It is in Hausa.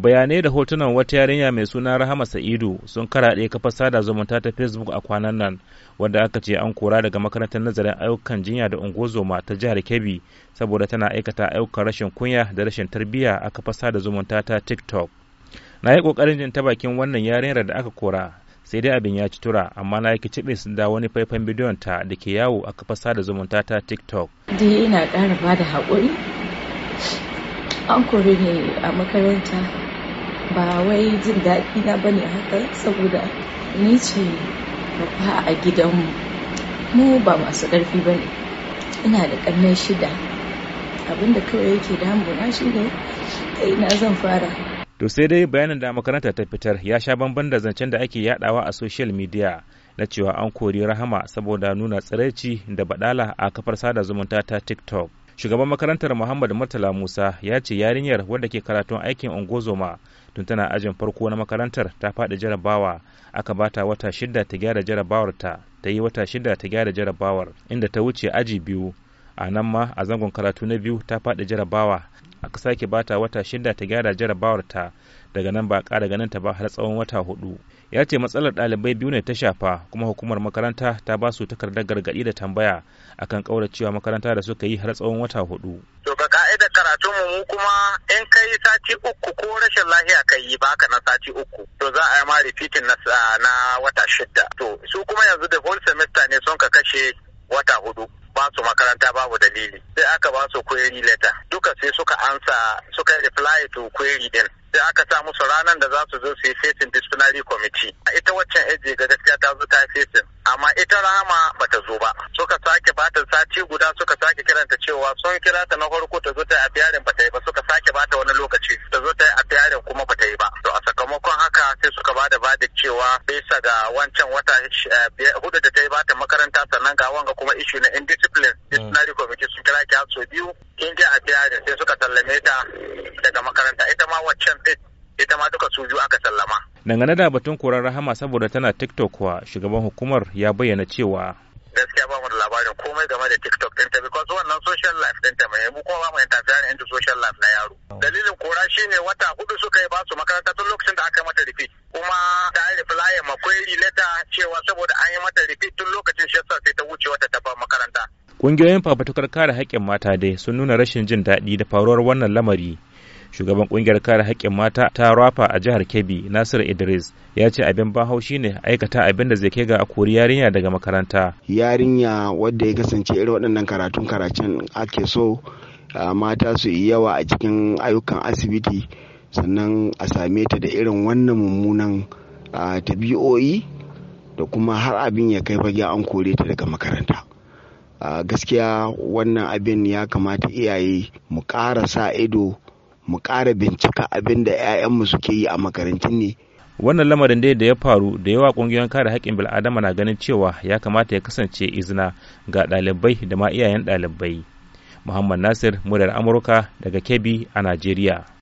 bayanai da hotunan wata yarinya mai suna rahama sa'idu sun karaɗe kafar sada zumunta ta facebook a kwanan nan wanda aka ce an kora daga makarantar nazarin ayyukan jinya da ungozoma ta jihar kebbi saboda tana aikata ayyukan rashin kunya da rashin tarbiyya a kafar sada zumunta ta tiktok na yi kokarin jin ta bakin wannan yarinyar da aka kora sai dai abin ya ci tura amma na yake cibe sun da wani faifan bidiyon ta da ke yawo a kafar sada zumunta ta tiktok da haƙuri an kore ne a makaranta ba wai jin daɗi na bane haka saboda ni ce babba a gidanmu mu ba masu ƙarfi ba ne ina da ƙannen shida abinda kawai yake damuna shi ne kai na zan fara to sai dai bayanin da makaranta ta fitar ya sha bamban da zancen da ake yadawa a social media na cewa an kori rahama saboda nuna tsiraici da badala a kafar sada zumunta ta tiktok shugaban makarantar muhammad murtala musa ya ce yarinyar wadda ke karatun aikin ungozoma tun tana ajin farko na makarantar ta faɗi jarabawa aka bata wata shida ta gyara jarabawar ta ta yi wata shida ta gyara jarabawar inda ta wuce aji biyu a nan ma a zangon karatu na biyu ta faɗi jarabawa aka sake bata wata shida ta gyara jarabawar ta daga nan ba ƙara ganin ta ba har tsawon wata hudu ya ce matsalar ɗalibai biyu ne ta shafa kuma hukumar makaranta ta ba su takardar gargaɗi da tambaya akan kauracewa makaranta da suka yi har tsawon wata hudu to ga ka'idar karatunmu mu mu kuma in kai sati uku ko rashin lahiya ka yi ba ka na sati uku to za a yi ma repeating na, na wata shida to su kuma yanzu da whole semester ne sun ka kashe wata hudu ba su aka ba su query letter duka sai suka ansa suka reply to query din sai aka sa musu ranar da za su zo su yi fesin disciplinary committee A ita waccan aji ga gaskiya ta zo ta fesin amma ita rama bata zo ba suka sake bata sati guda suka sake kiranta cewa sun kira ta na farko ta zo ta a ba bata yi ba suka sake bata wani lokaci ta zo ta a kuma bata yi ba to a sakamakon haka sai suka bada bada cewa bisa ga wancan wata eh, hudu da ta yi bata makaranta sannan ga wanga kuma ishu na indiscipline kwamiti sun kira ki sau biyu kin je a biya da sai suka sallame ta daga makaranta ita ma waccan ɗin ita ma duka su biyu aka sallama. Dangane da batun koran rahama saboda tana TikTok kuwa shugaban hukumar ya bayyana cewa. Gaskiya ba mu da labarin komai game da TikTok ɗinta because wannan social life ɗinta mai mu kowa ba mu interfere into social life na yaro. Dalilin kora shine wata hudu su kungiyoyin fafatukar kare haƙƙin mata dai sun nuna rashin jin daɗi da faruwar wannan lamari. Shugaban ƙungiyar kare haƙƙin mata ta rafa a jihar Kebbi Nasir Idris ya ce abin ba haushi ne aikata abin da zai kai ga kori yarinya daga makaranta. Yarinya wadda ya kasance irin waɗannan karatun karacen ake so mata su yi yawa a cikin ayyukan asibiti sannan a same ta da irin wannan mummunan tabi'o'i da kuma har abin ya kai fage an kore ta daga makaranta. a gaskiya wannan abin ya kamata iyaye mu ƙara sa ido mu kara bincika abin da 'ya'yanmu suke yi a makarantun ne wannan lamarin dai da ya faru da yawa kungiyoyin kare haƙƙin bil'adama na ganin cewa ya kamata ya kasance izina ga ɗalibai da ma iyayen ɗalibai muhammad nasir muryar amurka daga kebbi a najeriya